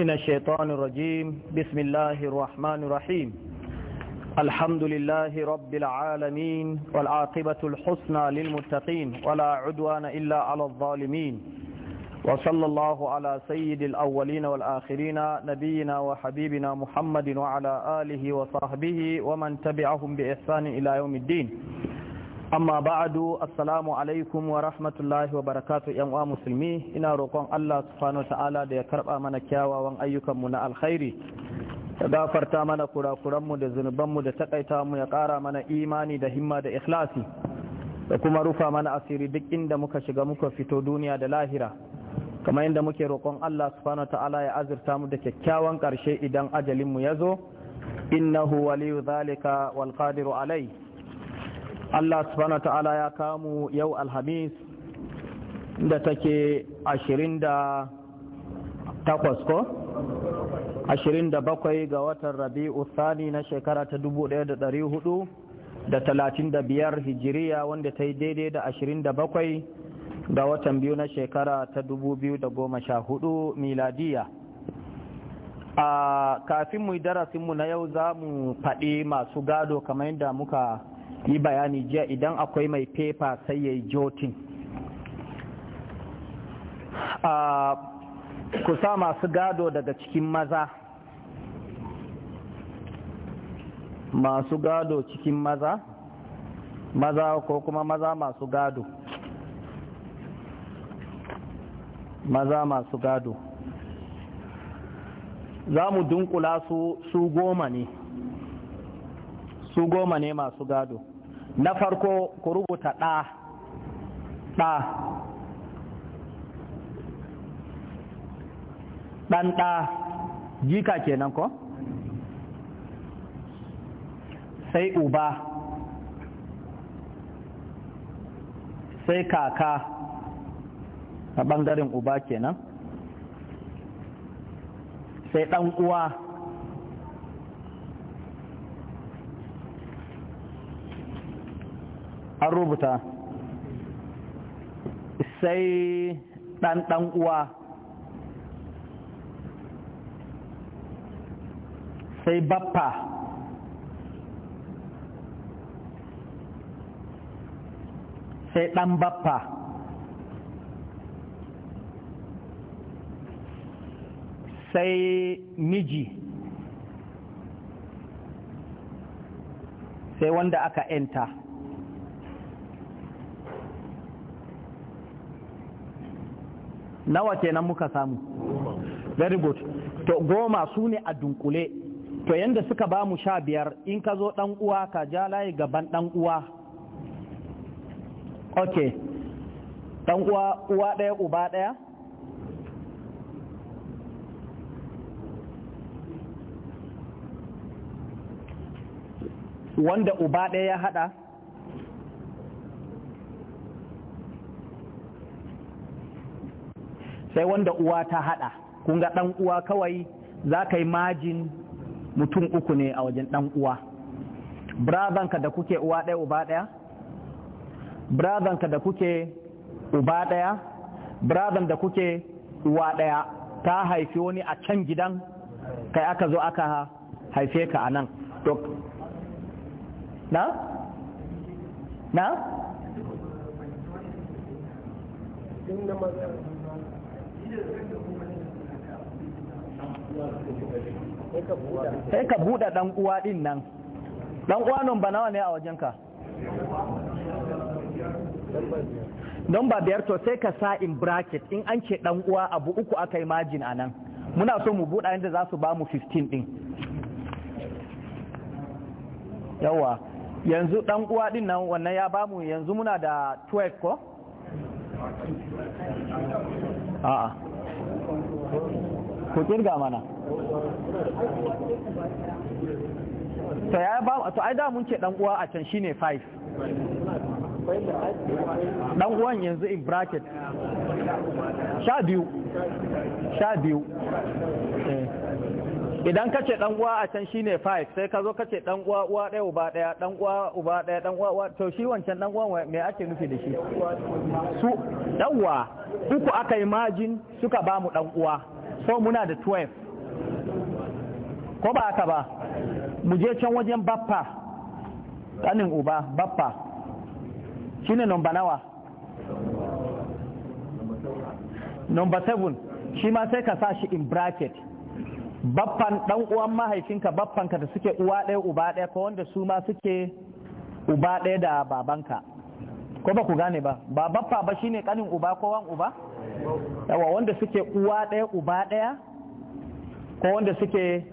من الشيطان الرجيم بسم الله الرحمن الرحيم الحمد لله رب العالمين والعاقبة الحسنى للمتقين ولا عدوان إلا على الظالمين وصلى الله على سيد الأولين والآخرين نبينا وحبيبنا محمد وعلى آله وصحبه ومن تبعهم بإحسان إلى يوم الدين amma ba'adu assalamu alaikum wa rahmatullahi wa barakatu yan uwa musulmi ina roƙon Allah subhanahu ta'ala da ya karɓa mana kyawawan mu na alkhairi ya gafarta mana kurakuranmu da zunubanmu da takaita mu ya ƙara mana imani da himma da ikhlasi da kuma rufa mana asiri duk inda muka shiga muka fito duniya da lahira kamar inda muke roƙon Allah subhanahu ta'ala ya azurta mu da kyakkyawan ƙarshe idan ajalinmu ya zo innahu waliyu zalika wal qadiru alai Allah subhanahu wa ta'ala ya kamu yau alhamis da take ashirin da takwas ko? ashirin da bakwai ga watan rabi'u thani na shekara ta dubu ɗaya da dari hudu da talatin da biyar hijiriya wanda ta yi daidai da ashirin da bakwai ga watan biyu na shekara ta dubu biyu da goma sha hudu miladiya a kafin mu yi darasinmu na yau za mu faɗi masu gado kamar yadda muka yi bayani jiya idan akwai mai fefa sai ya yi jotin ku sa masu gado daga cikin maza masu gado cikin maza maza ko kuma maza masu gado maza masu gado za mu dunkula su goma ne su goma ne masu gado na farko ku rubuta ɗa ɗa ɗan ɗa jika kenan ko sai uba sai kaka a ɓangaren uba kenan sai ɗan uwa an rubuta sai ɗan uwa sai bappa sai ɗan bappa sai miji sai wanda aka 'yanta nawa kenan muka samu very good to goma su ne a dunkule to yadda suka ba mu sha biyar in ka zo dan uwa ka ja layi gaban dan uwa ok dan uwa uwa daya uba daya wanda uba daya ya hada sai wanda uwa ta haɗa, kun ga dan uwa kawai za ka yi majin mutum uku ne a wajen ɗan uwa brazanka da kuke uwa ɗaya uba ɗaya brazanka da kuke uba ɗaya brazan da kuke uwa ɗaya ta haifi wani a can gidan kai aka zo aka haife ka a nan na? na? sai ka buɗe ɗan uwa ɗin nan ɗan uwa nan ba nawa ne a wajenka don ba biyar to sai ka sa in bracket in an ce ɗan uwa abu uku aka yi majin a nan muna so mu buɗa yadda za su ba mu 15 ɗin yawa yanzu ɗan uwa ɗin nan wannan ya ba mu yanzu muna da 12 ko? a'a ku kirga mana to ya ba to ai da mun ce dan uwa a can shine 5 dan uwan yanzu in bracket sha biyu sha biyu eh. idan ka ce dan uwa a can shine five sai ka zo ka ce dan uwa uwa ɗaya uba ɗaya dan uwa uba ɗaya dan uwa to shi wancan dan uwa me ake nufi da shi su uwa uku aka yi majin suka ba mu dan uwa so muna da 12 ko ba aka ba mu je can wajen bappa kanin uba bappa shine number nawa number 7 shi ma sai ka sa shi in bracket baffan dan uwan mahaifinka baffanka da suke uwa ɗaya uba ɗaya ko wanda su ma suke uba ɗaya da babanka ko ba ku gane ba ba baffa ba shine kanin uba ko wan uba yawa wanda suke uwa ɗaya uba ɗaya ko wanda suke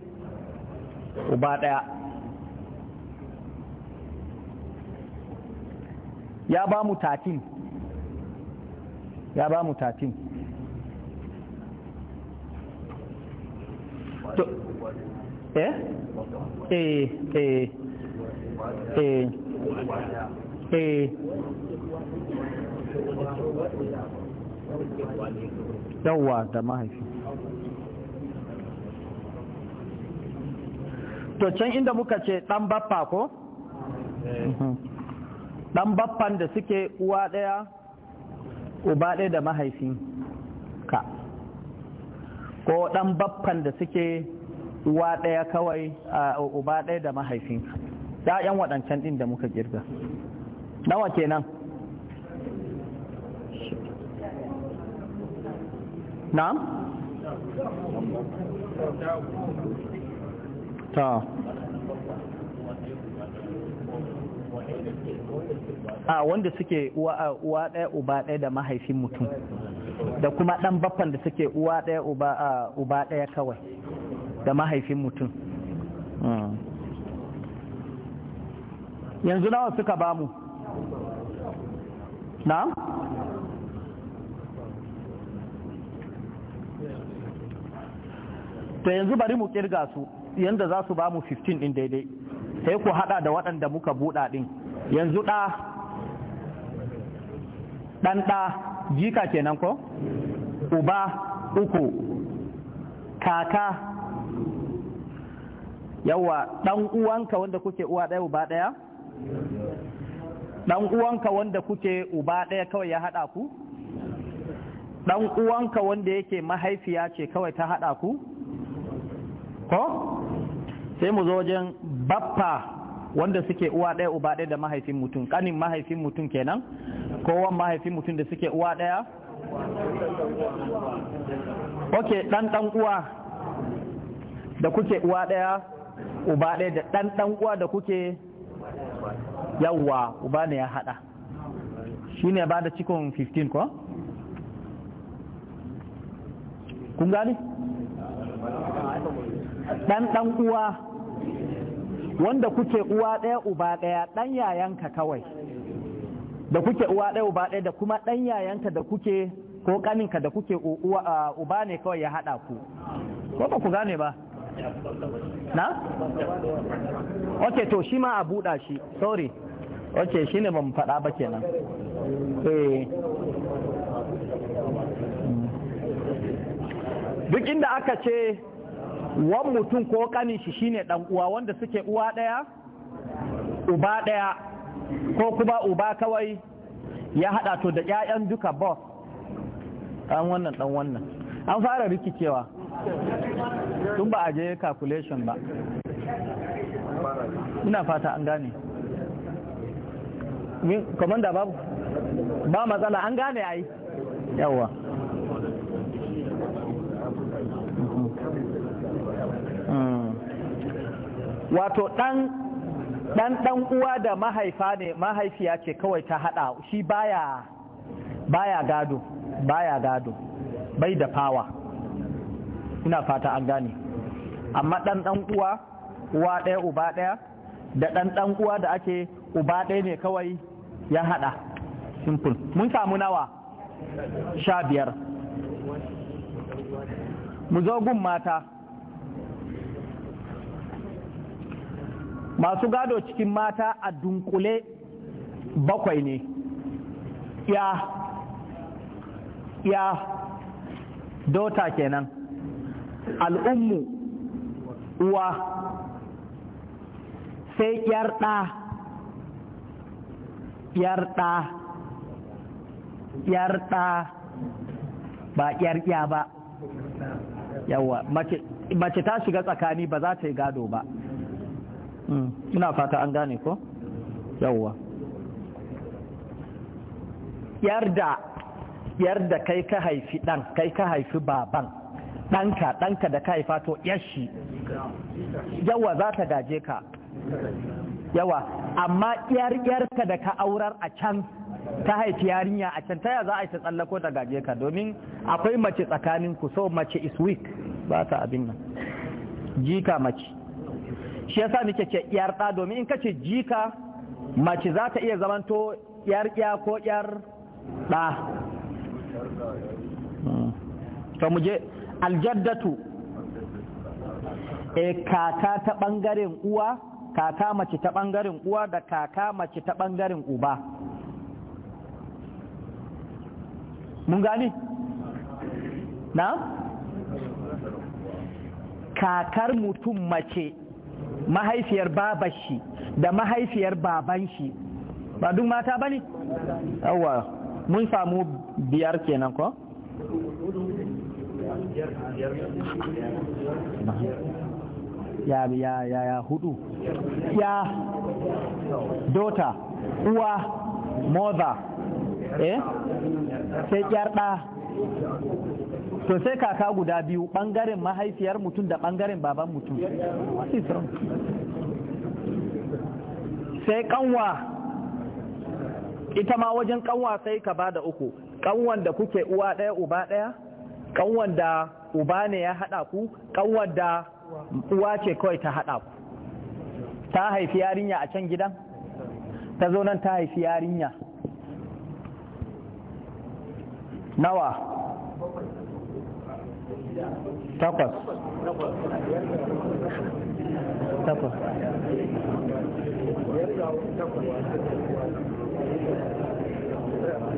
uba ɗaya ya ba mu tatin ya ba mu tatin to eh eh eh eh eh yawa da mahaifi to can inda muka ce dan baffa ko dan mhm. baffan da suke uwa daya uba daya da mahaifi ka ko ɗan baffan da suke uwa ɗaya kawai a uba ɗaya da mahaifinka ‘ya'yan waɗancan ɗin da muka girga nawa kenan na? ta a wanda suke uwa ɗaya uba ɗaya da mahaifin mutum da kuma ɗan baffan da suke uwa ɗaya uba ɗaya kawai da mahaifin mutum hmm. yanzu nawa suka bamu na? to yanzu bari mu kirga su yanda za su ba mu 15 din daidai sai ku hada da waɗanda muka buɗa ɗin. yanzu ɗa ɗan ɗa jika kenan ko uba uku kaka yawa dan uwanka wanda kuke uwa ɗaya uba ɗaya dan uwanka wanda kuke uba ɗaya kawai ya haɗa ku dan uwanka wanda yake mahaifiya ce kawai ta haɗa ku ko sai mu zo wajen bappa wanda suke uwa ɗaya uba ɗaya da mahaifin mutum kanin mahaifin mutum kenan kowan mahaifin mutum da suke uwa ɗaya? ok ɗan ɗan uwa da kuke uwa ɗaya uba ɗaya da ɗan ɗan uwa da kuke yawwa uba ne ya haɗa shi ne ba da cikon 15 ko? kun gani? ɗan ɗan uwa wanda kuke uwa ɗaya uba ɗaya ɗan yayanka kawai da kuke uwa ɗaya uba ɗaya da kuma ɗan yayanka da kuke ko ƙaninka da kuke uba ne kawai ya haɗa ku ko ba ku gane ba na? ok to shi ma a buɗa shi sorry ok shi ne ban faɗa ba kenan eh. duk inda aka ce wan mutum ko ƙanin shi shi ne ɗan uwa wanda suke uwa ɗaya uba ɗaya ko kuma uba kawai ya hada to da ƴaƴan duka boss dan wannan dan wannan an fara rikicewa tun ba a je calculation ba ina fata an gane komanda babu ba matsala an gane ai yawa mm. wato dan dan dan uwa da mahaifa ne mahaifiya ce kawai ta hada shi baya baya gado baya gado bai da fawa ina fata an gane amma dan dan uwa uwa daya uba daya da dan dan uwa da ake uba daya ne kawai ya hada simple mun samu nawa sha biyar mu zo gun mata masu gado cikin mata a dunkule bakwai ne ya ya dota kenan al'ummu uwa sai yar yarda yar ba yar ba yawa mace ta shiga tsakani ba za ta yi gado ba ina fata an gane ko yawwa yarda yarda kai ka haifi dan kai ka haifi baban danka danka da ka haifa to yashi yawa za ta gaje ka yawa amma yar yarka da ka aurar a can ta haifi yarinya a can taya za a ta tsallako ta gaje ka domin akwai mace tsakaninku so mace is weak ba ta abin nan jika mace shi yasa muke ce yar da domin in kace jika mace za ta iya zamanto yar ya ko yar da hmm. to mu aljaddatu e kaka ta bangaren uwa kaka mace ta bangaren uwa da kaka mace ta bangaren uba mun gani na kakar mutum mace mahaifiyar babar shi da mahaifiyar baban shi ba duk mata ba ne? yawwa mun samu biyar kenan ko? ya ya ya ya hudu ya dota uwa mother eh sai kyar to sai kaka guda biyu bangaren mahaifiyar mutum da bangaren baban mutum sai kanwa ita ma wajen kanwa sai ka ba da uku kanwan da kuke uwa daya uba daya kanwan da uba ne ya hada ku kanwan da uwa ce kawai ta hada ku ta haifi yarinya a can gidan ta zo nan ta haifi yarinya nawa takwas takwas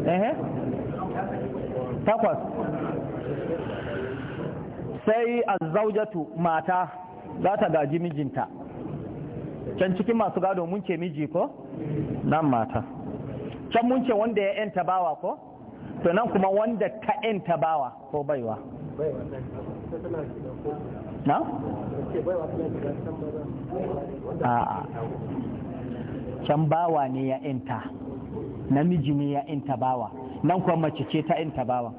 ehe takwas sai mata za ta gaji mijinta can cikin masu gado mun miji ko nan mata can mun wanda ya yanta bawa ko to nan kuma wanda ka yanta bawa ko baiwa na? a can bawa ne ya inta namiji ne ya inta bawa nan kuma mace ce ta inta bawa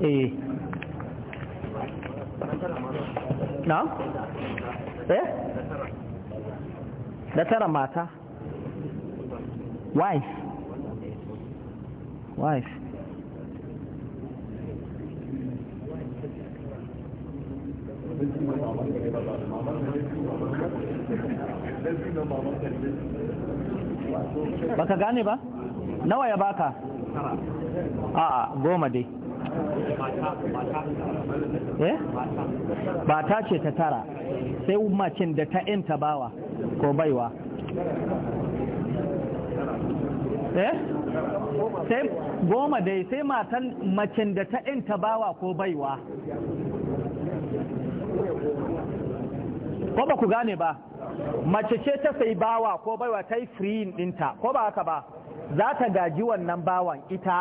eh na? eh? da tara mata wife wife baka gane ba nawa ya baka a goma dai eh? ba ta ce ta tara sai umarcin da ta yanta bawa ko baiwa eh? sai goma dai sai matan macin da ta yanta bawa ko baiwa ko ba ku gane ba mace ce ta sai bawa ko baiwa ta yi free dinta ko ba haka ba za ta gaji wannan bawan ita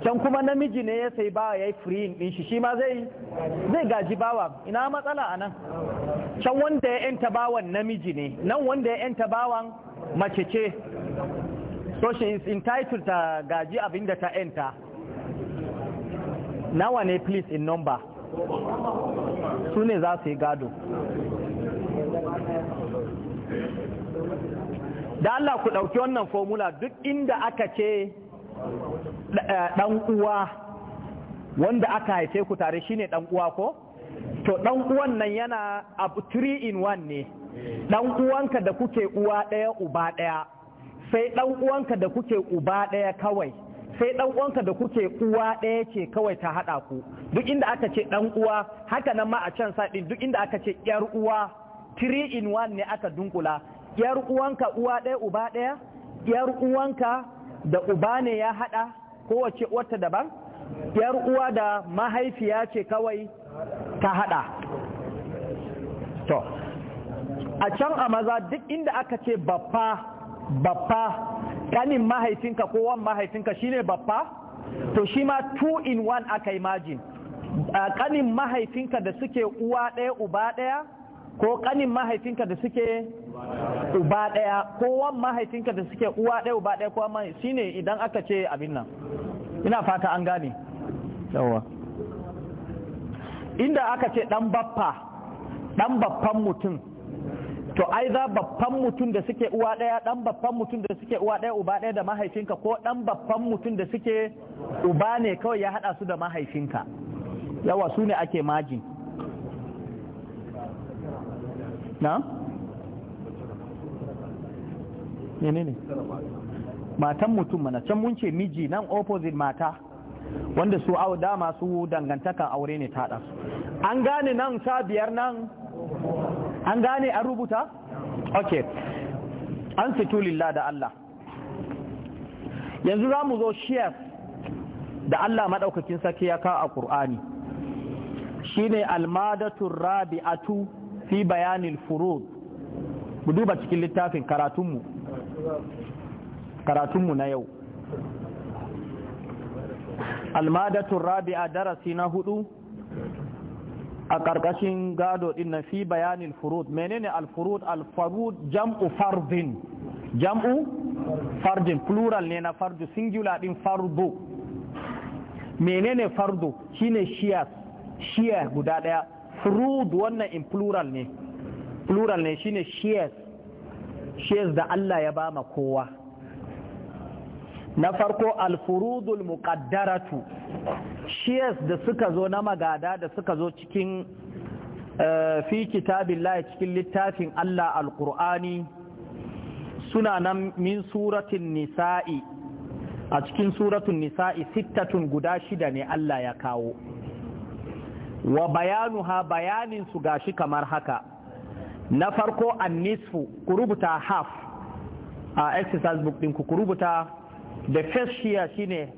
can kuma namiji ne ya sai bawa ya yi free din shi shi ma zai zai gaji bawa ina matsala a nan can wanda ya yanta bawan namiji ne nan wanda ya yanta bawan mace ce so she is entitled ta gaji abinda ta yanta nawa ne please in number su ne za su yi gado da Allah ku ɗauki wannan formula duk inda aka ce ɗan uwa wanda aka haife ku tare shine ɗan uwa ko to ɗan uwan nan yana abu 3 in 1 ne ɗan uwanka da kuke uwa ɗaya uba ɗaya sai ɗan uwanka da kuke uba ɗaya kawai sai ɗan uwanka da kuke uwa ɗaya ce kawai ta haɗa ku duk inda aka ce dan uwa haka nan ma a can saɗi. duk inda aka ce yar uwa three in one ne aka dunkula yar uwanka uwa ɗaya uba ɗaya yar uwanka da uba ne ya haɗa, kowace wata daban yar uwa da mahaifiya ce kawai ta haɗa. to a can a maza duk inda aka ce baffa baffa kanin mahaifinka ko wan mahaifinka shine babba to shi ma two in one aka imagine kanin mahaifinka da suke uwa ɗaya uba ɗaya ko kanin mahaifinka da suke uba ɗaya ko wan mahaifinka da suke uwa ɗaya uba ɗaya ko shine idan aka ce abin nan ina fata an gane yawa inda aka ce dan bappa, dan bappan mutum to ai za babban mutum da suke uwa ɗaya ɗan babban mutum da suke uwa ɗaya uba ɗaya da mahaifinka ko ɗan babban mutum da suke uba ne kawai ya haɗa su da mahaifinka yawa su ne ake majin na? ne ne matan mutum mana can mun ce miji nan opposite mata wanda su au dama su dangantaka aure ne ta an gane nan sha biyar nan an gane an rubuta? ok an fito lilla da Allah yanzu za mu zo shiyar da Allah maɗaukakin sake ya kawo a ƙur'ani shine almadatun rabi'atu fi bayanin furud mu duba cikin littafin karatunmu karatunmu na yau almadatun rabi'a darasi na hudu a ƙarƙashin gado ɗin na fi bayanin furud menene alfurud alfarud jam'u fardin jam'u fardin plural ne na fardu singular ɗin fardu menene fardu shine shiyas shiya guda ɗaya furud wannan in plural ne plural ne shine shiyas shiya da Allah ya ba ma kowa na farko alfurudul muqaddaratu shears da suka zo na magada da suka zo cikin eh, fi kitabillahi cikin littafin Allah Alkur'ani, suna nan min suratin nisa'i a cikin suratun nisa'i sittatun guda shida ne Allah ya kawo wa bayanuha bayanin su gashi kamar haka na farko an nisfu ku rubuta half a exercise book ku rubuta the first fashiya shine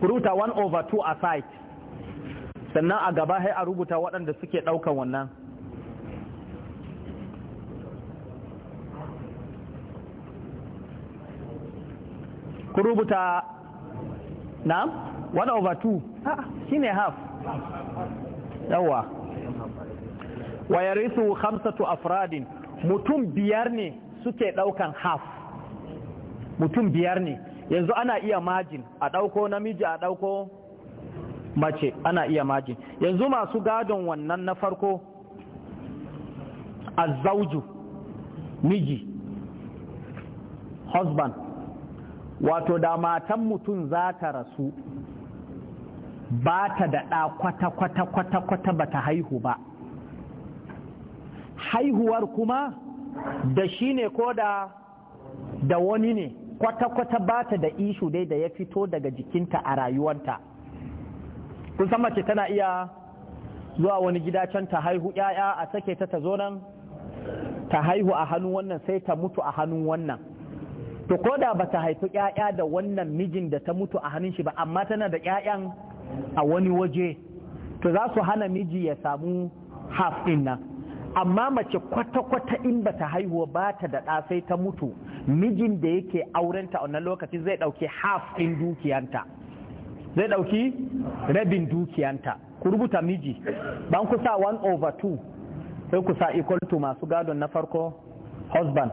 rubuta 1 over 2 a site sannan a gaba sai a rubuta waɗanda suke ɗaukan wannan ku rubuta na 1 over 2 ha shine half yawa wayarisu hamsatu afradin mutum biyar ne suke ɗaukan half mutum biyar ne yanzu ana iya majin a ɗauko namiji a ɗauko mace ana iya majin yanzu masu gadon wannan na farko zauju. miji husband wato da matan mutum za ta rasu ba ta da ɗa kwata-kwata-kwata-kwata ba ta haihu ba haihuwar kuma da shi ne ko da wani ne kwata-kwata ba ta da ishu dai da ya fito daga jikinta a rayuwanta kun san mace tana iya zuwa wani gida can ta haihu ‘ya'ya a sake ta ta zo nan ta haihu a hannun wannan sai ta mutu a hannun wannan to ko da ba ta haifi ‘ya'ya da wannan mijin da ta mutu a hannun shi ba amma tana da ‘ya'yan a wani waje to za su hana miji ya samu haf din nan amma mace kwata-kwata in ba ta haihuwa ba ta da ɗa sai ta mutu mijin da yake aurenta a wannan lokacin zai ɗauki half ɗin dukiyanta zai ɗauki rabin dukiyanta ku rubuta miji ban ku sa 1 over 2 sai ku sa equal to masu gadon na farko husband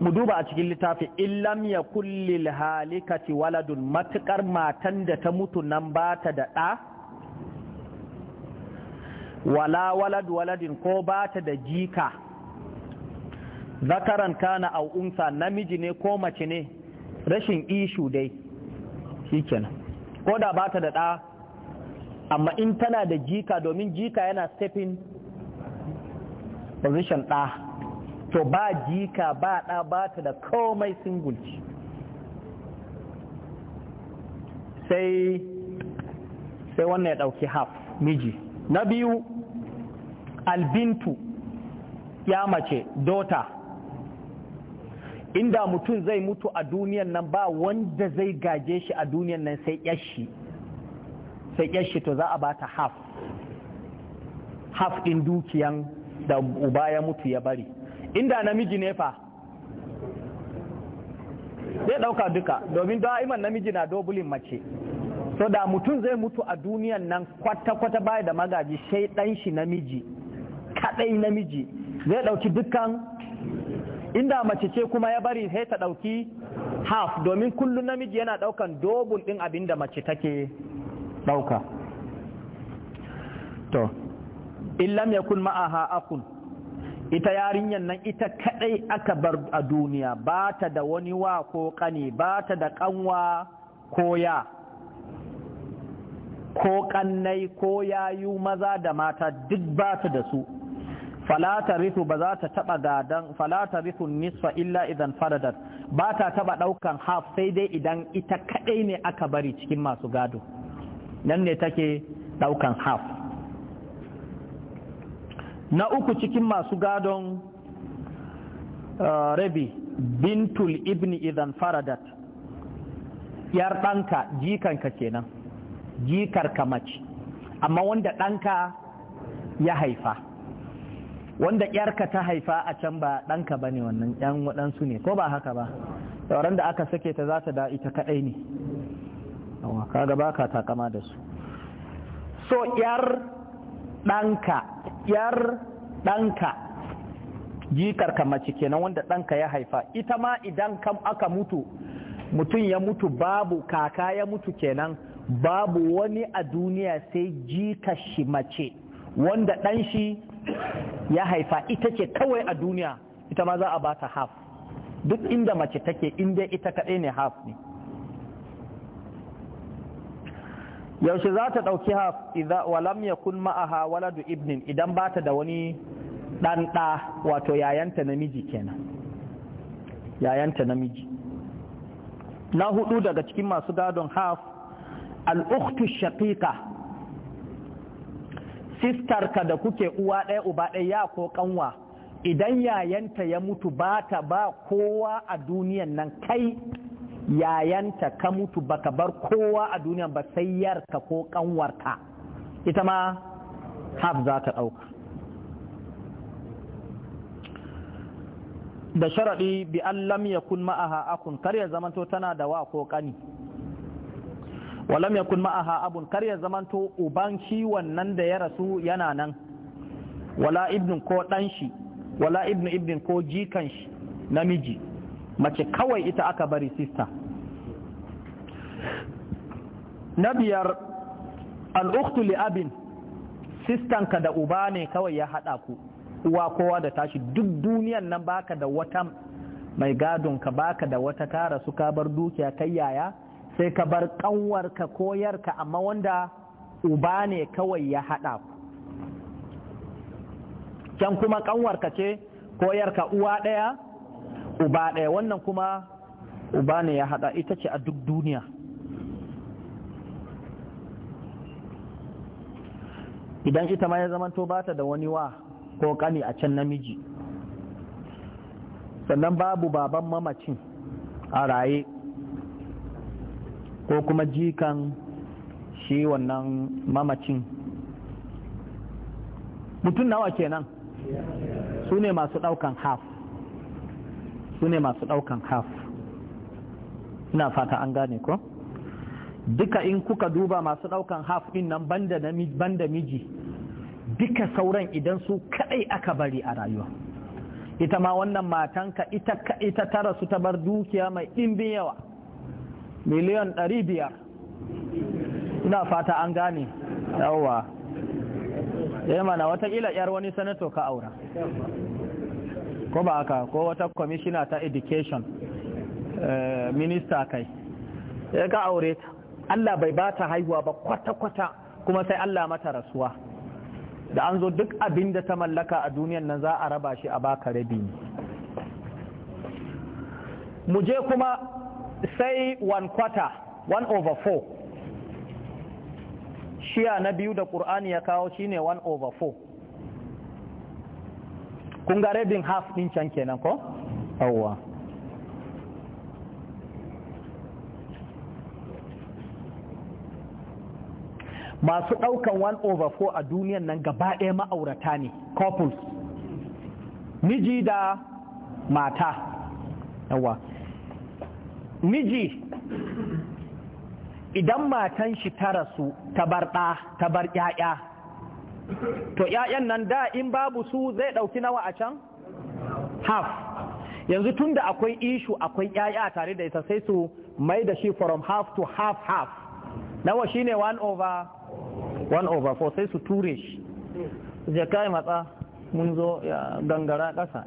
mu duba a cikin littafi illam ya kullil halikati waladun matukar matan da ta mutu nan ba ta da ɗa wala walad waladin ko ba ta da jika zakaran kana au unsa namiji ne ko mace ne rashin ishu dai shikenan ko da ba ta da ɗa amma in tana da jika domin jika yana stepping position ɗa to ba jika ba ɗa ba ta da komai singulci sai sai wannan ya ɗauki haf miji na biyu albintu ya mace dota inda mutum zai mutu a duniyan nan ba wanda zai gaje shi a duniyan nan sai yashi sai yashi to za a bata haf haf din dukiyan da uba ya mutu ya bari inda namiji ne fa zai ɗauka duka domin da'iman namiji na dobulin mace so da mutum zai mutu a duniyan nan kwata-kwata baya da magaji sai ɗan shi namiji kadai namiji zai dauki dukkan inda mace ce kuma ya bari sai ta dauki half domin kullum namiji yana daukan dobul din abinda mace take dauka to illam yakun ma'aha akun ita yarinyar nan ita kadai aka bar a duniya ba ta da wani wa ko kani ba ta da kanwa ko ya ko kannai ko yayu maza da mata duk ba ta da su falata rithu ba za ta taba gadan falata rithu nisfa illa idan faradat ba ta taba daukan half sai dai idan ita kadai ne aka bari cikin masu gado nan ne take ɗaukan half na uku cikin masu gadon uh, rabi bintul ibni idan faradat yar ɗanka jikanka kenan jikarka mace amma wanda ɗanka ya haifa wanda ƴarka ta haifa a can ba ɗanka ba ne wannan yan waɗansu ne ko ba haka ba sauran da aka sake ta za ta da ita kaɗai ne kaga gaba ka takama da su so ƴar ɗanka ƴar ɗanka jikarka mace kenan wanda ɗanka ya haifa ita ma idan kam aka mutu mutum ya mutu babu kaka ya mutu kenan babu wani a duniya sai jikar shi mace wanda ɗan shi ya haifa ita ce kawai a duniya ita ma za a ba ta haf duk inda mace take inda ita kaɗai ne haf ne yaushe za ta ɗauki haf idan walam ya kun ma'aha waladu ibnin idan ba ta da wani ɗanɗa wato yayanta namiji kenan yayanta namiji na hudu daga cikin masu gadon haf al'uktu shaƙiƙa ka da kuke uwa ɗaya uba ɗaya ya ko kanwa idan yayanta ya mutu ba ta ba kowa a duniyan nan kai yayanta ka mutu baka bar kowa a duniyan ba sai yarka ko kanwarka ita ma haf za ta ɗauka da sharaɗi bi an lam yakun ma'aha akun kar ya zamanto tana da wa ko ƙani walam yakun ma'aha abun kar ya zamanto uban shi wannan da ya rasu yana nan wala ibnin ko dan shi wala ibnu ibnin ko jikan shi namiji mace kawai ita aka bari sista na biyar al'uktu li abin sistanka da uba ne kawai ya haɗa ku uwa kowa da tashi duk duniyan nan baka da wata mai gadon ka baka da wata rasu ka bar dukiya kai yaya sai ka bar ƙanwarka koyarka amma wanda uba ne kawai ya haɗa ku can kuma ƙanwarka ce koyarka uwa ɗaya uba ɗaya wannan kuma uba ne ya haɗa ita ce a duk duniya idan ita ma ya zamanto ba ta da wani wa ko ƙani a can namiji sannan babu baban mamacin a raye ko kuma jikan shi wannan mamacin mutum nawa kenan su ne masu ɗaukan haf su ne masu ɗaukan haf ina fata an gane ko duka in kuka duba masu ɗaukan haf ɗin nan banda miji duka sauran idan su kaɗai aka bari a rayuwa ita ma wannan matanka ita, ita tara su ta bar dukiya mai ɗimbin yawa miliyan ɗari biyar ina fata an gane yawwa ya eh mana watakila yar wani sanato ka aura ko ba haka ko wata kwamishina ta education eh, minista kai ya eh, ka aure Allah bai ba ta haihuwa ba kwata-kwata kuma sai Allah mata rasuwa da an zo duk abin da ta mallaka a duniyan nan za a raba shi a baka rabi mu je kuma sai one quarter one over four shiya na biyu da ƙur'ani ya kawo shi ne one over four kun ga rabin half ɗin can kenan ko? awwa masu ɗaukan one over four a duniyan nan gaba ɗaya ma'aurata ne couples miji da mata miji idan matan shi ta rasu ta bar ta bar ƴaƴa to ƴaƴan nan da in babu su zai ɗauki nawa a can half yanzu tun da akwai ishu akwai ƴaƴa tare da ita sai su mai da shi from half to half half nawa shi ne one over one over four sai su ture shi je kai matsa mun zo gangara ƙasa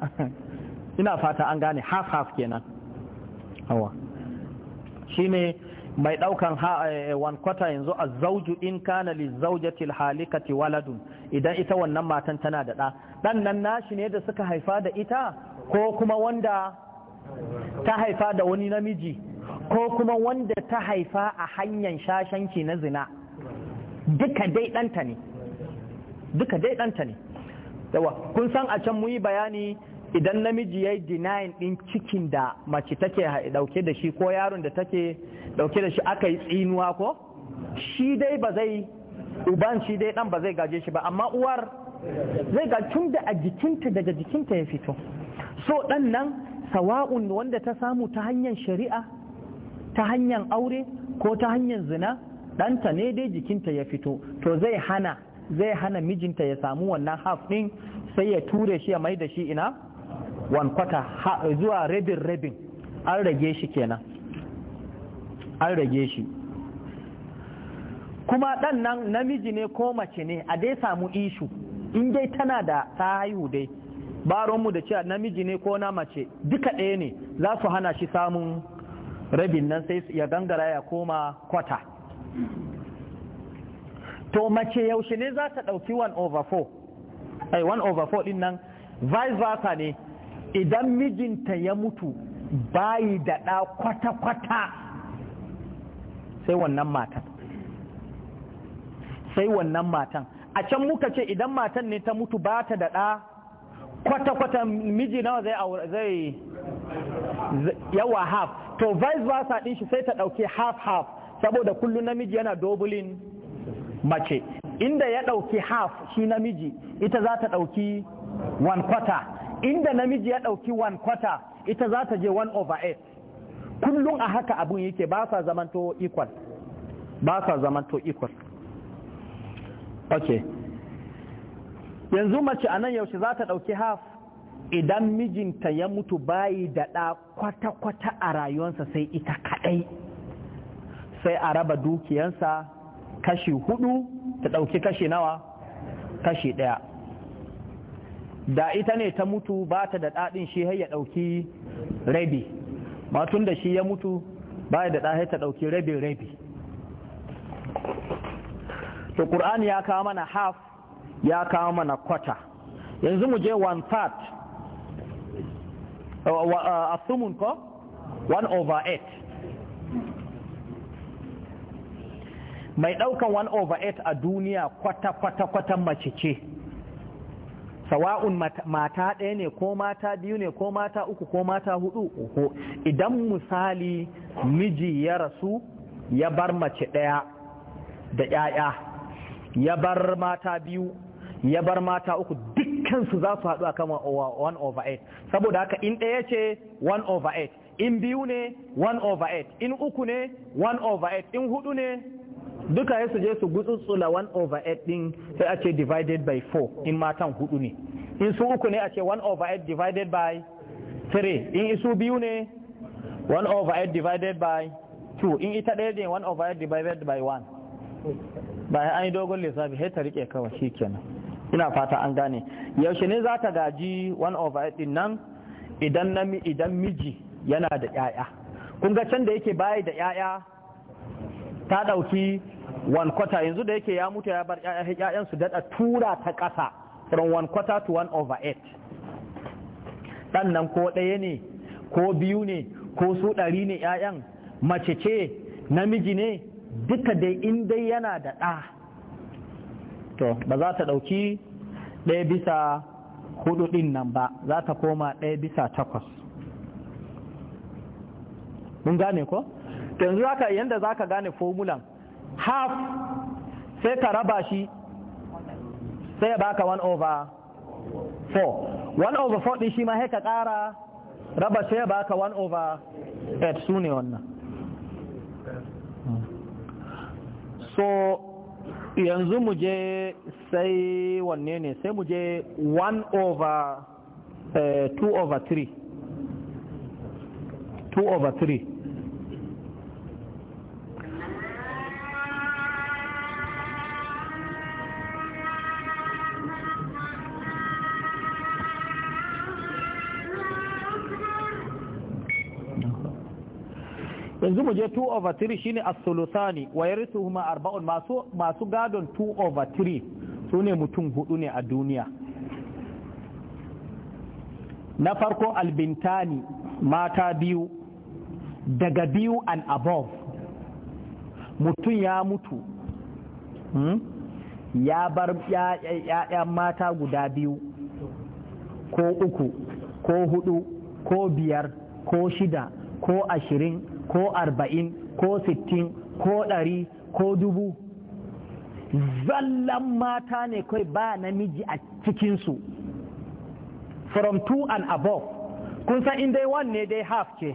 ina fata an gane half half kenan shine mai daukan eh, one quarter yanzu a zauju in kana li zaujatil halikati waladun idan ita wannan matan tana da ɗa ɗan nan nashi ne da suka haifa da ita ko kuma wanda ta haifa da wani namiji ko kuma wanda ta haifa a hanyar shashanki na zina duka dai ɗanta ne duka dai ɗanta ne yawa kun san a can muyi bayani idan namiji ya yi denying ɗin cikin da mace take ɗauke da shi ko yaron da take ɗauke da shi aka yi tsinuwa ko shi dai ba zai uban shi dai ɗan ba zai gaje shi ba amma uwar zai ga tun da a jikinta daga jikinta ya fito so ɗan nan sawa'un wanda ta samu ta hanyar shari'a ta hanyar aure ko ta hanyar zina ɗanta ne dai jikinta ya fito to zai hana zai hana mijinta ya samu wannan haf ɗin sai ya ture shi ya mai da shi ina one quarter zuwa rabin rabin an rage shi kenan an rage shi kuma ɗan nan namiji ne ko mace ne a dai samu ishu in dai tana da ta haihu dai baronmu da cewa namiji ne ko na mace duka ɗaya ne za su hana shi samun rabin nan sai ya gangara ya koma kwata to mace yaushe ne za ta ɗauki 1 over 4 ai 1 over 4 din nan vice versa ne idan mijinta ya mutu bayi da ɗa kwata-kwata sai wannan matan sai wannan matan a can muka ce idan matan ne ta mutu ba ta da ɗa kwata-kwata miji nawa zai zai yawa half to vice versa ɗin shi sai ta ɗauki half-half saboda kullum namiji yana dobulin mace inda ya ɗauki half shi namiji ita za ta ɗauki one quarter inda namiji ya ɗauki one quarter ita za ta je one over eight kullum a haka abun yake ba sa zamanto equal ba sa zamanto equal okay yanzu mace a nan yaushe za ta ɗauki half idan mijinta ya mutu bayi da ɗa kwata-kwata a rayuwarsa sai ita kaɗai sai a raba dukiyansa kashi hudu ta ɗauki kashi nawa kashi ɗaya da ita ne ta mutu ba ta da ɗaɗin shi ya ɗauki rabi matun da shi ya mutu ba da ɗa ta ɗauki rabi rabi to ƙur'ani ya kawo mana half ya kawo mana kwata yanzu mu je one third uh, a uh, sumun ko one over eight mai ɗaukan one over eight a duniya kwata-kwata-kwata mace ce sawa'un mata ɗaya ne ko mata biyu ne ko mata uku ko mata hudu uku idan misali miji ya rasu ya bar mace ɗaya da ƴaƴa, ya bar mata biyu ya bar mata uku dukkansu za su haɗu a kan 1 over 8 saboda haka in ɗaya ce 1 over 8 in biyu ne 1 over 8 in uku ne 1 over 8 in hudu ne duka ya su je su gutsutsula 1 over 8 din sai a ce divided by 4 in matan hudu ne in su uku ne a ce 1 over 8 divided by 3 in isu biyu ne 1 over 8 divided by 2 in ita ɗaya ne 1 over 8 divided by 1 bayan an yi dogon lissafi sai ta rike kawai shi kenan ina fata an gane yaushe ne za ta gaji 1 over 8 din nan idan nami idan miji yana da 'ya'ya kun ga can da yake bayi da 'ya'ya ta ɗauki one quarter yanzu da yake ya mutu ya bar ƴaƴan su dada tura ta ƙasa from one quarter to one over eight dan nan ko ɗaya ne ko biyu ne ko su ɗari ne ƴaƴan mace ce namiji ne duka dai in dai yana da ɗa to ba za ta ɗauki ɗaya bisa hudu ɗin nan ba za ta koma ɗaya bisa takwas mun gane ko yanzu zaka yanda zaka gane fomulan half sai ka raba shi sai ya baka one over 4 one over four din shi ma sai ƙara raba sai ya baka one over eight su ne wannan so yanzu mu je sai wanne ne sai mu je over two over 3 two over three. yanzu mu je 2 over 3 shine as-sulusani wa yarithuhuma arba'un masu masu gadon 2 over 3 sune mutum hudu ne a duniya na farko albintani mata biyu daga biyu and above mutum ya mutu hmm? ya bar ya mata guda biyu ko uku ko hudu ko biyar ko shida ko ashirin ko arba'in ko sittin ko ɗari ko dubu zallan mata ne kai ba namiji a cikinsu from two and above kun san in dai one ne dai half ce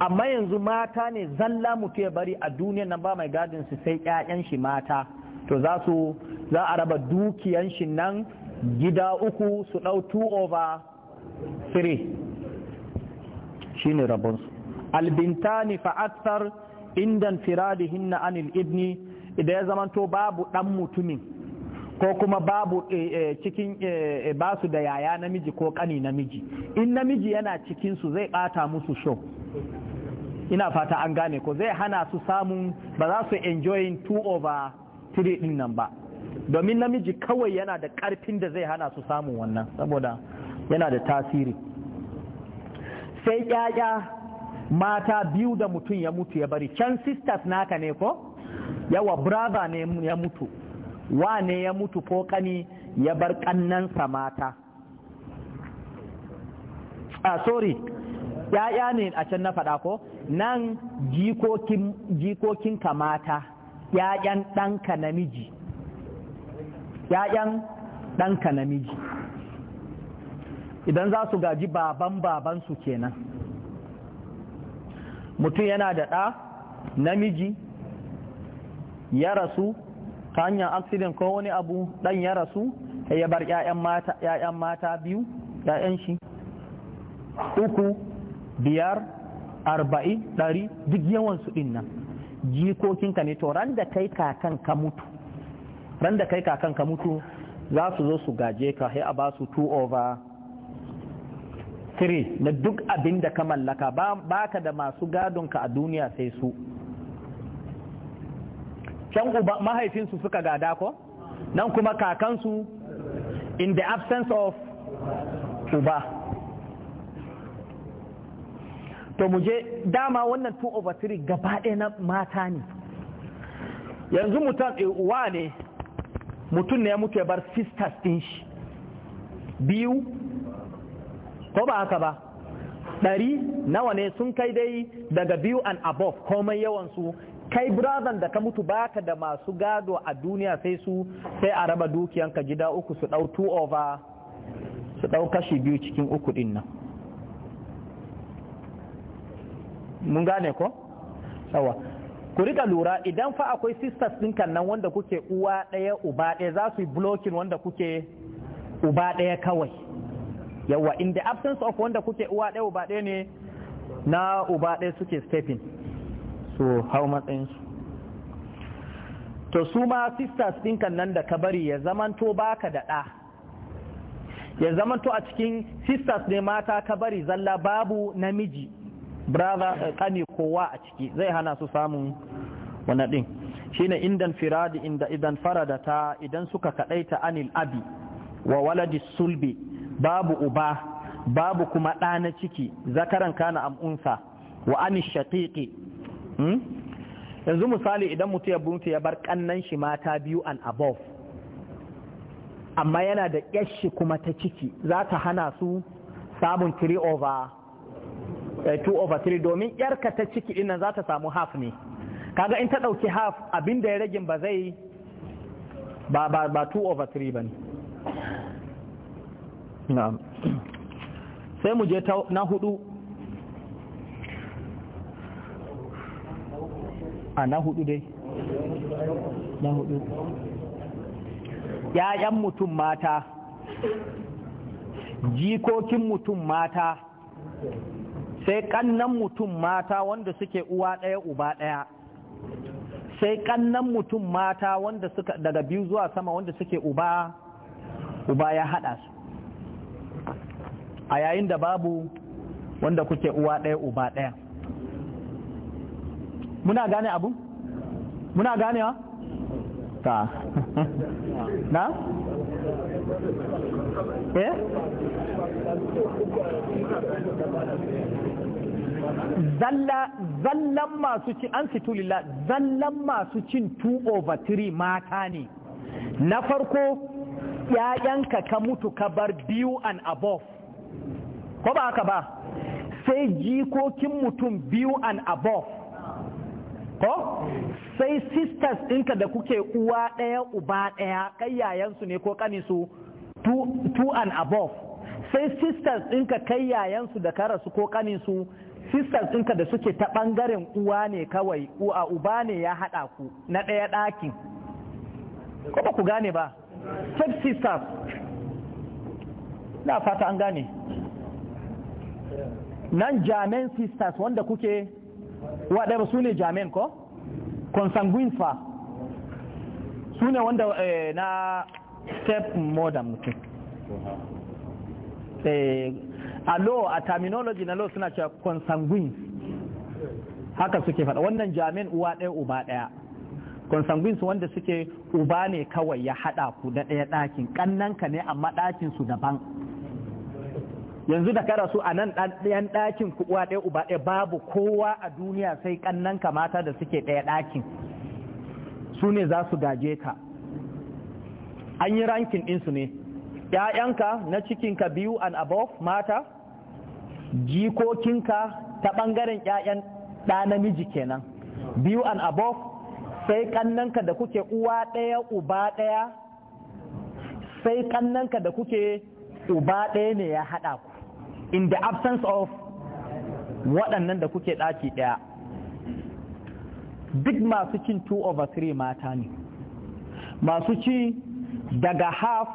amma yanzu mata ne zalla mutu ya bari a duniya nan ba mai gadin su sai ƴaƴan shi mata to za su za a raba dukiyan shi nan gida uku su ɗau two over 3 shine rabonsu albintani fa akthar inda firadihinna anil ibni idan ya zamanto babu dan mutumin ko kuma babu eh, eh, cikin eh, basu da yaya namiji ko kani namiji in namiji yana cikin su zai bata musu show ina fata an gane ko zai hana su samun ba za su enjoying two over three din nan ba domin namiji kawai yana da karfin da zai hana su samun wannan saboda yana da tasiri sai yaya mata biyu da mutum ya mutu ya bari can sisters naka ne ko yawa brother ne ya mutu wa ne ya mutu ko kani ya bar kannansa mata ah sorry ya'ya ne a can na faɗa ko nan jikokin ka mata ya'yan ɗanka namiji ya'yan ɗanka namiji idan za su gaji baban babansu kenan mutum yana da ɗa namiji ya rasu ta hanyar aksidin ko wani abu ɗan ya rasu ya bar 'ya'yan mata biyu 'ya'yan shi uku biyar arba'in ɗari duk yawansu ɗin nan jikokinka ne to randa kai kakan ka mutu ran kai kakan ka mutu za su zo su gaje ka sai a ba su two over 3 na duk abin da ka mallaka ba ka da masu gadonka a duniya sai su can mahaifinsu suka gada ko nan kuma kakansu in the absence of uba to muje dama wannan 2 over 3 gaba ɗaya na mata ne yanzu mutum eh, uwa ne mutum ne ya mutu ya bar sisters ɗin shi biyu ko ba haka ba ɗari nawa ne sun kai dai daga biyu and above komai yawansu kai brother da ka mutu baka da masu gado a duniya sai su sai a raba dukiyanka gida uku su ɗau two over su ɗau kashi biyu cikin uku ɗin nan mun gane ko? ku rika lura idan fa akwai sisters ɗin kan nan wanda kuke uwa ɗaya uba ɗaya za su yi blocking wanda kuke uba ɗaya kawai yawa in the absence of wanda kuke uwa ɗaya uba ɗaya ne na uba ɗaya suke stepping so hau matsayinsu to su ma sisters ɗinkan nan da ka bari ya zamanto baka da ɗa ya zamanto a cikin sisters ne mata ka bari zalla babu namiji brother kani eh, kowa a ciki zai hana su samun wani ɗin shine idan firadi inda idan faradata idan suka kaɗaita anil abi wa waladi sulbi babu uba babu kuma ɗa na ciki zakaran kana amunsa unsa wa an shaqiqi hmm? yanzu misali idan mutum ya bunta ya bar kannan shi mata biyu an above amma yana da yashi kuma ta ciki za ta hana su samun 3 over 2 eh, over 3 domin yarka ta ciki dinnan za ta samu half ne kaga in ta ɗauki half abinda ya rage ba zai ba ba 2 over 3 ba ne na'am sai mu je na hudu a na hudu dai na hudu ‘ya'yan mutum mata jikokin mutum mata sai ƙannan mutum mata wanda suke uwa ɗaya uba ɗaya sai ƙannan mutum mata wanda suka daga biyu zuwa sama wanda suke uba uba ya haɗa su a yayin da babu wanda kuke uwa ɗaya uba ɗaya muna gane abu muna wa? ta na eh zalla zallan masu cin an situlillah zallan masu cin 2 over 3 mata ne na farko ‘ya'yanka ka mutu ka bar biyu and above ko ba haka ba sai jikokin mutum biyu and above ko sai sisters ɗinka da kuke uwa ɗaya uba ɗaya kayyayensu ne ko kaninsu. two, two and above sai sisters ɗinka kayyayensu da karasu ko kaninsu sisters ɗinka da suke ta ɓangaren uwa ne kawai uwa uba ne ya haɗa ku na ɗaya ɗakin ko ba ku gane ba step sisters na fata an gane nan jamen sisters wanda kuke ba su ne jamen ko? consanguine fa su ne wanda eh, na step modern mutum eh, a law a terminology na law suna cewa consanguine haka suke faɗa wannan jamen uwa ɗaya uba ɗaya su wanda suke uba ne kawai ya haɗa ku da ɗaya ɗakin ƙannanka ne amma ɗakin su daban yanzu da ka rasu a nan ɗayan ɗakin kuwa ɗaya uba ɗaya babu kowa a duniya sai ƙannan mata da suke ɗaya ɗakin su ne za su gaje ka an yi rankin ɗinsu ne ‘ya'yanka na cikinka biyu an above mata jikokinka ta ɓangaren ‘ya'yan ɗa namiji kenan biyu an above sai ƙannanka da kuke uwa ɗaya uba ɗaya sai ƙannanka da kuke uba ɗaya ne ya haɗa ku in the absence of waɗannan da kuke ɗaki ɗaya duk masu cin 2 over 3 mata ne masu ci daga half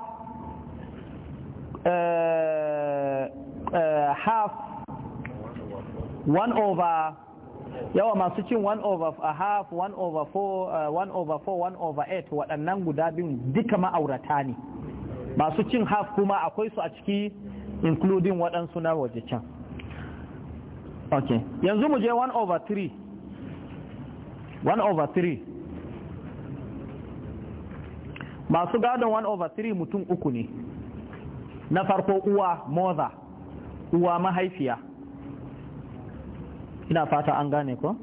uh, half 1 over yawa masu cin 1 over a half 1 over 4 1 eh, over 4 1 over 8 waɗannan guda biyu duka ma'aurata ne masu cin half kuma akwai su a ciki including waɗansu na waje can ok yanzu mu je 1 over 3 1 over 3 masu gadon 1 over 3 mutum uku ne na farko uwa mother uwa mahaifiya ina fata an gane ko?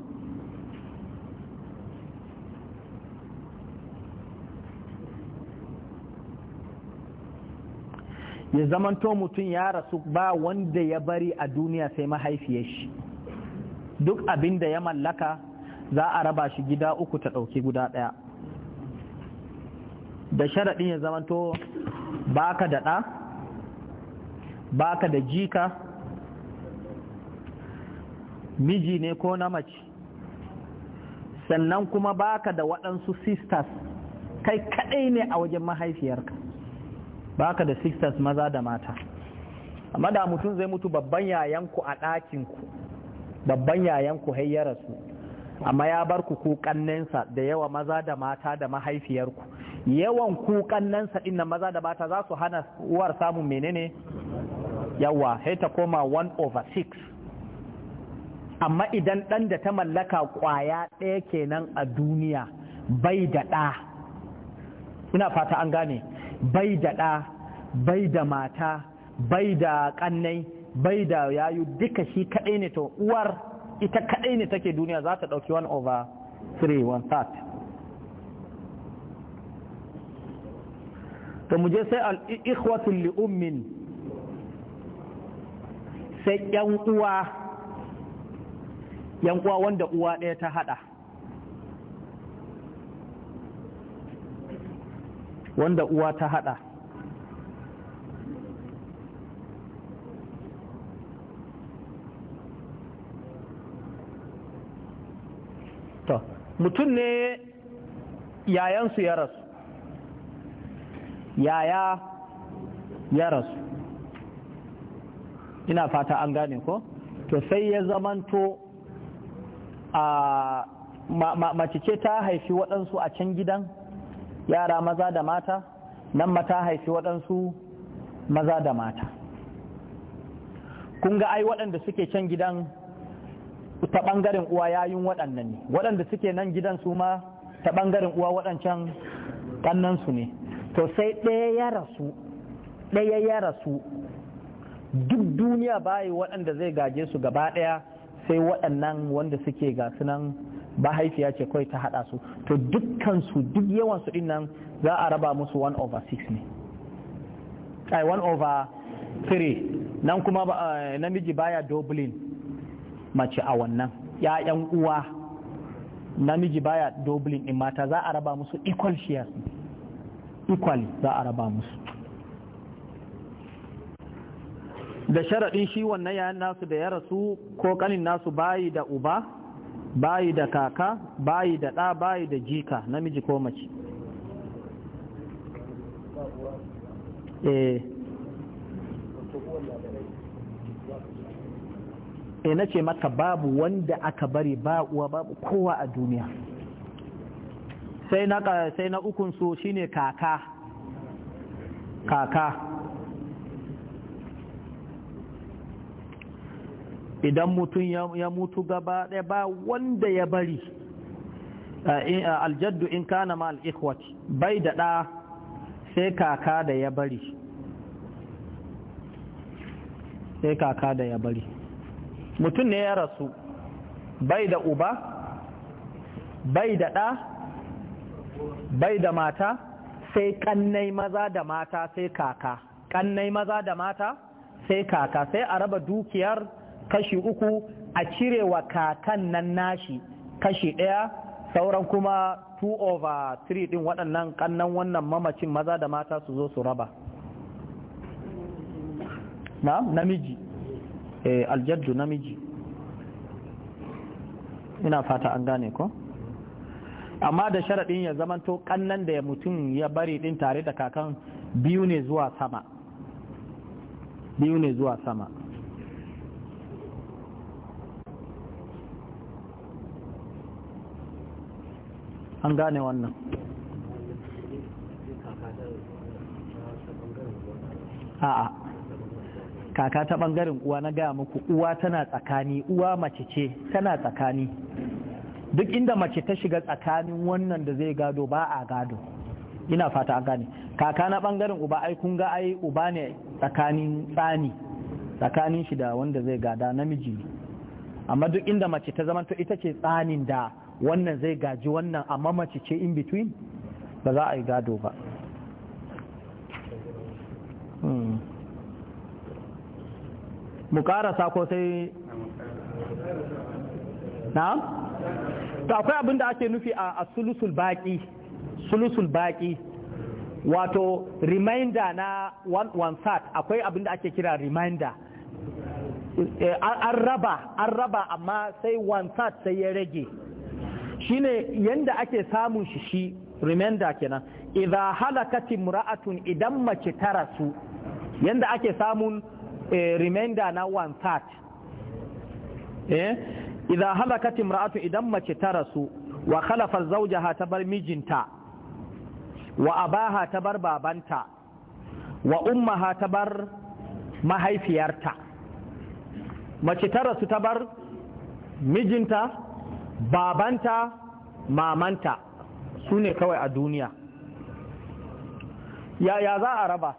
ya zamanto mutum ya rasu ba wanda ya bari a duniya sai mahaifiyar shi duk abin da ya mallaka za a raba shi gida uku ta ɗauki guda ɗaya da sharaɗin ya zamanto baka da ɗa baka da jika miji ne ko na mace sannan kuma baka da waɗansu sisters kai kaɗai ne a wajen mahaifiyarka baka da sisters maza da mata amma da mutum zai mutu babban yayanku a ɗakinku babban yayanku har ya amma ya bar ku ku da yawa maza da mata da mahaifiyarku yawan ku kannensa din maza da mata za su hana uwar samu menene yawa sai ta koma 1 over 6 amma idan ɗan da ta mallaka ƙwaya ɗaya kenan a duniya bai da ɗa ina fata an gane bai da ɗa bai da mata bai da ƙannai bai da yayu duka shi kaɗai ne to uwar ita kaɗai ne take duniya za ta ɗauki one over three one third to mu je sai al'ikhwatul li ummin sai yan uwa yan uwa wanda uwa ɗaya ta haɗa wanda uwa ta hada mutum ne yayansu ya rasu yaya ya rasu ina fata an gane ko to sai ya zamanto a mace ce ta haifi waɗansu a can gidan yara maza da mata nan mata haifi waɗansu maza da mata kun ga ai waɗanda suke can gidan ta ɓangaren uwa yayin waɗannan ne waɗanda suke nan gidan su ma ta ɓangaren uwa waɗancan ƙannansu ne to sai ɗaya ya rasu ɗaya ya rasu duk duniya bayi waɗanda zai gaje su gaba ɗaya sai waɗannan wanda suke gasu nan. Ba haifiya ce kawai ta haɗa su to dukkan su duk yawan su nan za a raba musu 1 over 6 ne ai 1 over 3 nan kuma eh, namiji baya dublin mace a wannan ya'yan uwa namiji baya dublin in mata za a raba musu equal shares equally za a raba musu da sharaɗin shi wannan ya nasu da ya rasu ko ƙanin nasu bayi da uba bayi da kaka bayi da ɗa bayi da jika namiji ko mace e na ce maka babu wanda aka bari ba uwa babu kowa a duniya sai na sai ukun so shine kaka kaka idan mutum ya mutu gaba ɗaya ba wanda ya bari aljaddu in kana ma al'ikwati bai da ɗa sai kaka da ya bari sai kaka da ya bari mutum ne ya rasu bai da uba bai da ɗa bai da mata sai kannai maza da mata sai kaka kannai maza da mata sai kaka sai a raba dukiyar kashi uku a cirewa kakan nan nashi kashi ɗaya sauran kuma 2 over 3 ɗin waɗannan ƙannan wannan mamacin maza da mata su zo su raba na namiji eh, aljaddu namiji ina fata an gane ko amma da sharaɗin ya zamanto ƙannan da ya mutum ya bari din tare da kakan biyu ne zuwa sama biyu ne zuwa sama an gane wannan a'a kaka ta bangaren uwa na gaya muku uwa tana tsakani uwa mace ce tana tsakani duk inda mace ta shiga tsakanin wannan da zai gado ba a gado ina fata an gane kaka na bangaren uba ai kun ga ai uba ne tsakanin tsani tsakanin shi da wanda zai gada namiji ne amma duk inda mace ta zama ita ce tsanin da wannan zai gaji wannan amma mace ce in between ba za a yi gado ba hmm. mu karasa ko sai na? ta akwai abin da ake nufi a sulusul baki sulusul baki wato reminder na one, third akwai abin da ake kira reminder eh, an raba an raba amma sai one third sai ya rage shine yanda ake samun shi shi remainder kenan idza halakat imra'atun idan mace ta rasu yanda ake samun eh, remainder na one third eh idza halakat idan mace ta rasu wa khalafa zawjaha ta mijinta wa abaha ta bar babanta wa ummaha tabar mahaifiyarta mace ta rasu ta bar mijinta babanta mamanta su ne kawai a duniya yaya za a raba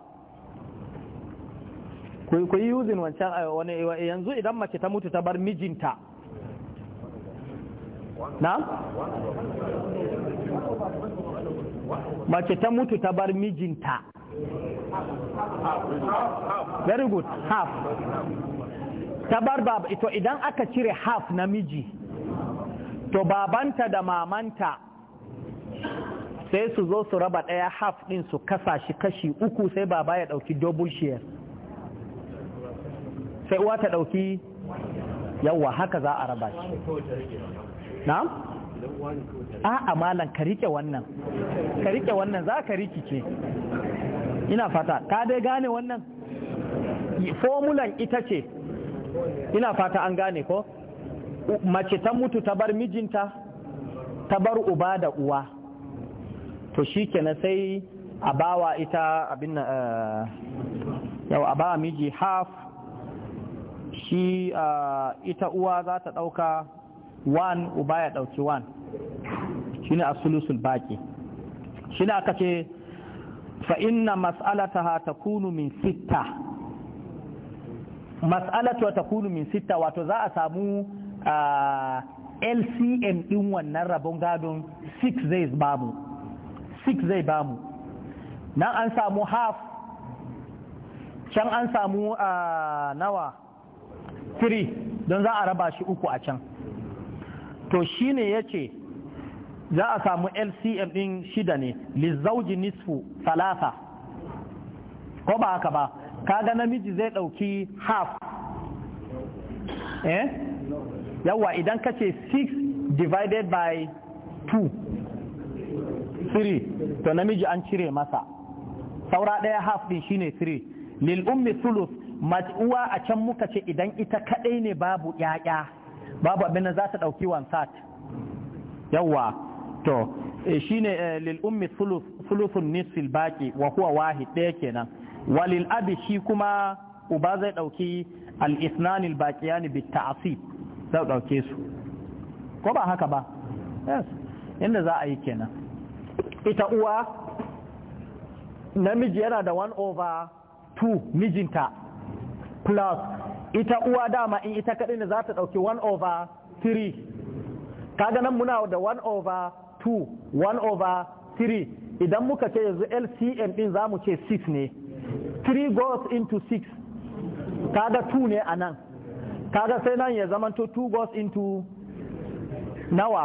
ku yi yuzin wancan eh, wani yanzu idan mace ta mutu ta bar mijinta na? mace ta mutu ta bar mijinta very good half ta bar ito idan aka cire half na miji to babanta da mamanta sai su zo su raba ɗaya half ɗin su kasa shi kashi uku sai baba ya ɗauki double share sai uwa ta ɗauki yawa haka za a raba shi na? a malan ka rike wannan ka rike wannan za ka rikice ina fata ka dai gane wannan formulan ita ce ina fata an gane ko mace ta mutu ta bar mijinta ta bar uba da uwa to shi kenan sai a bawa ita abin na eh, yau a bawa miji half shi eh, ita uwa za ta ɗauka one uba ya ɗauki one shi ne a sulusul baƙi shi ne aka ce fa'inna ha ta kunu min sitta mas'alatu ta kunu min sitta wato za a samu Ah, lcm ɗin wannan rabon gadon 6 zai bamu 6 zai bamu nan an samu half can an samu ah, nawa 3 don za a raba shi uku a can to shi ne ya ce za a samu lcm ɗin shida ne lizauji nisfu salasa ko ba haka ba kaga namiji zai ɗauki half eh yawa idan ka ce 6 divided by 2 3 to namiji an cire masa saura daya half din shine 3 lil ummi sulus uwa a can muka ce idan ita kadai ne babu yaya babu abin da za ta ɗauki wansat yawa to eh, shine eh, lil ummi thuluth thuluthun nisfil baki wa huwa wahid ɗaya kenan walil abi shi kuma uba zai ɗauki al-isnanil baqiyani bit ta'sib za su ɗauke su ko ba haka ba yes inda za a yi kenan ita uwa namiji yana da 1 over 2 mijinta plus ita uwa dama in ita kaɗai ne za ta ɗauki 1 over 3 kaga nan muna da 1 over 2 1 over 3 idan muka ce yanzu lcm din za mu ce 6 ne 3 goes into 6 kada 2 ne a nan kaga sai nan ya zama to two goes into nawa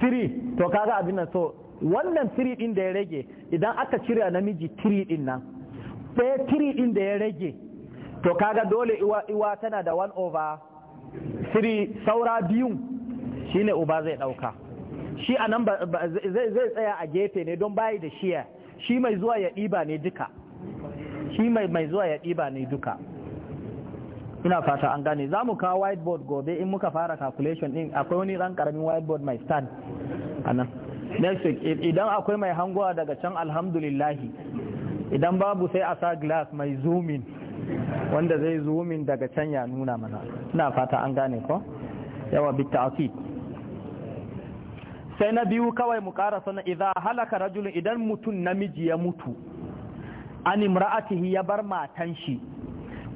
three to kaga abin nan so wannan three din da ya rage idan aka cire namiji three din nan ɗaya three din da ya rage to kaga dole iwa iwa tana da one over three saura biyun shine uba zai ɗauka shi a nan zai tsaya a gefe ne don bayi da shiya shi mai zuwa ya ɗiba ne duka shi mai zuwa ya ɗiba ne duka ina fata an gane za mu kawo whiteboard gobe in muka fara calculation din akwai wani ran ƙaramin whiteboard mai stand anan next week idan akwai mai hangowa daga can alhamdulillahi idan babu sai a sa glass mai zoomin wanda zai zoomin daga can ya nuna mana ina fata an gane ko yawa bitta sai na biyu kawai mu ƙara sana idan halaka rajulun idan mutum namiji ya mutu an imra'atihi ya bar matan shi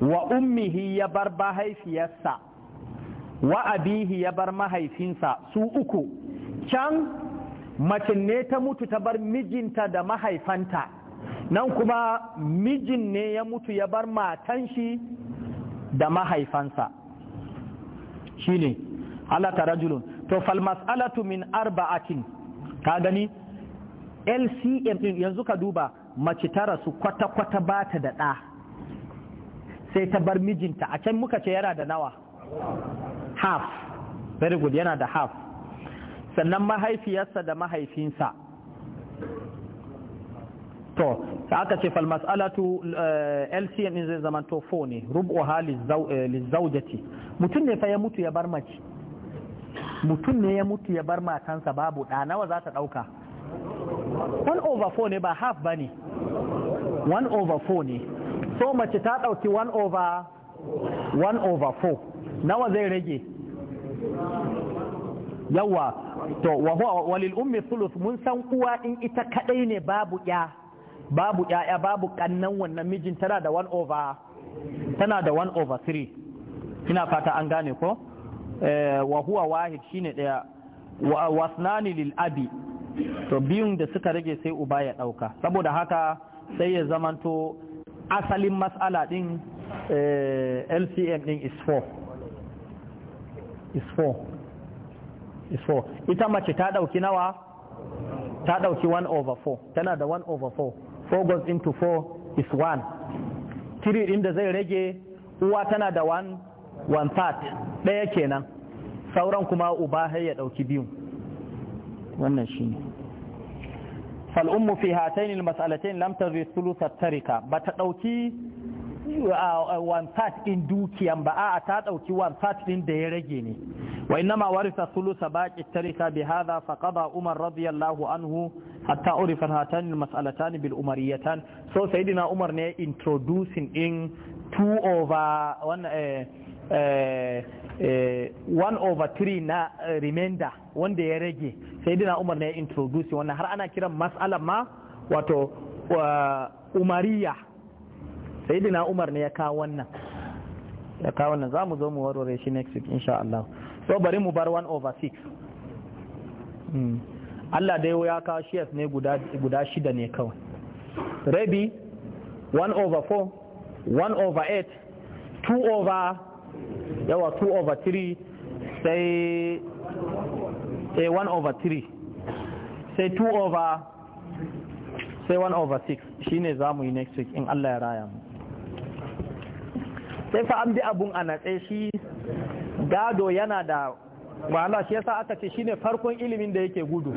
wa ummihi ya bar mahaifiyarsa wa abihi ya bar mahaifinsa su uku can macin ne ta mutu ta bar mijinta da mahaifanta nan kuma mijin ne ya mutu ya bar matan shi da mahaifansa Shi Allah ta rajulun to fal mas'alatu min arba'atin ka gani LCM yanzu ka duba mace ta rasu kwata-kwata ba ta da ɗa sai ta bar mijinta a can muka ce yana da nawa half very good yana da half sannan mahaifiyarsa da mahaifinsa to ta aka ce fal mas'alatu eh, LCM in zai zama to fo ne rub'uha eh, lizaujati mutum ne fa ya mutu ya bar mace mutum ne ya mutu ya bar matansa babu da nawa za ta dauka 1 over 4 ne ba half ne, 1 over 4 ne so mace ta ɗauki 1 over 1 over 4 nawa zai rage yawa to wahuwa walil ummi thuluth mun san uwa in ita kadai ne babu ya babu ya babu kannan wannan mijin tana da 1 over tana da 1 over 3 ina fata an gane ko eh, wa huwa wahid shine daya wa wasnani lil abi to biyun da suka rage sai uba ya dauka saboda haka sai ya zamanto asalin matsala din eh, lcm din is 4 is 4 is 4 ita mace ta dauki nawa ta dauki 1 over 4 tana da 1 over 4 4 goes into 4 is 1 3 din da zai rage uwa tana da 1 one third ɗaya kenan sauran kuma uba har ya dauki biyu wannan shine ne فالأم في هاتين المسألتين لم تجد ثلث التركة ɗauki wansat ɗin dukiyan ba a ta ɗauki wansat ɗin da ya rage ne wa innama warisa sulusa baqi tarika bi haza fa qada umar radiyallahu anhu hatta urifa hatan mas'alatan bil umariyatan so sayyidina umar ne introducing in two over one 1 eh, over 3 na eh, remainder wanda ya rage sai dina umar na ya introduce wannan har ana kiran mas'alar ma wato umariya sai dina umar ne ya kawo wannan ya kawo wannan za mu zo mu warware shi next week insha Allah so bari mu bar 1 over 6 hmm. Allah dai ya kawo shares ne guda shida ne kawai rabi 1 over 4 1 over 8 2 over yawa 2 over 3 sai a 1 over 3 sai 2 over sai 1 over 6 shi ne za mu yi next week in Allah ya raya mu sai fa an bi abun a natse shi gado yana da wahala shi yasa aka ce shi ne farkon ilimin da yake gudu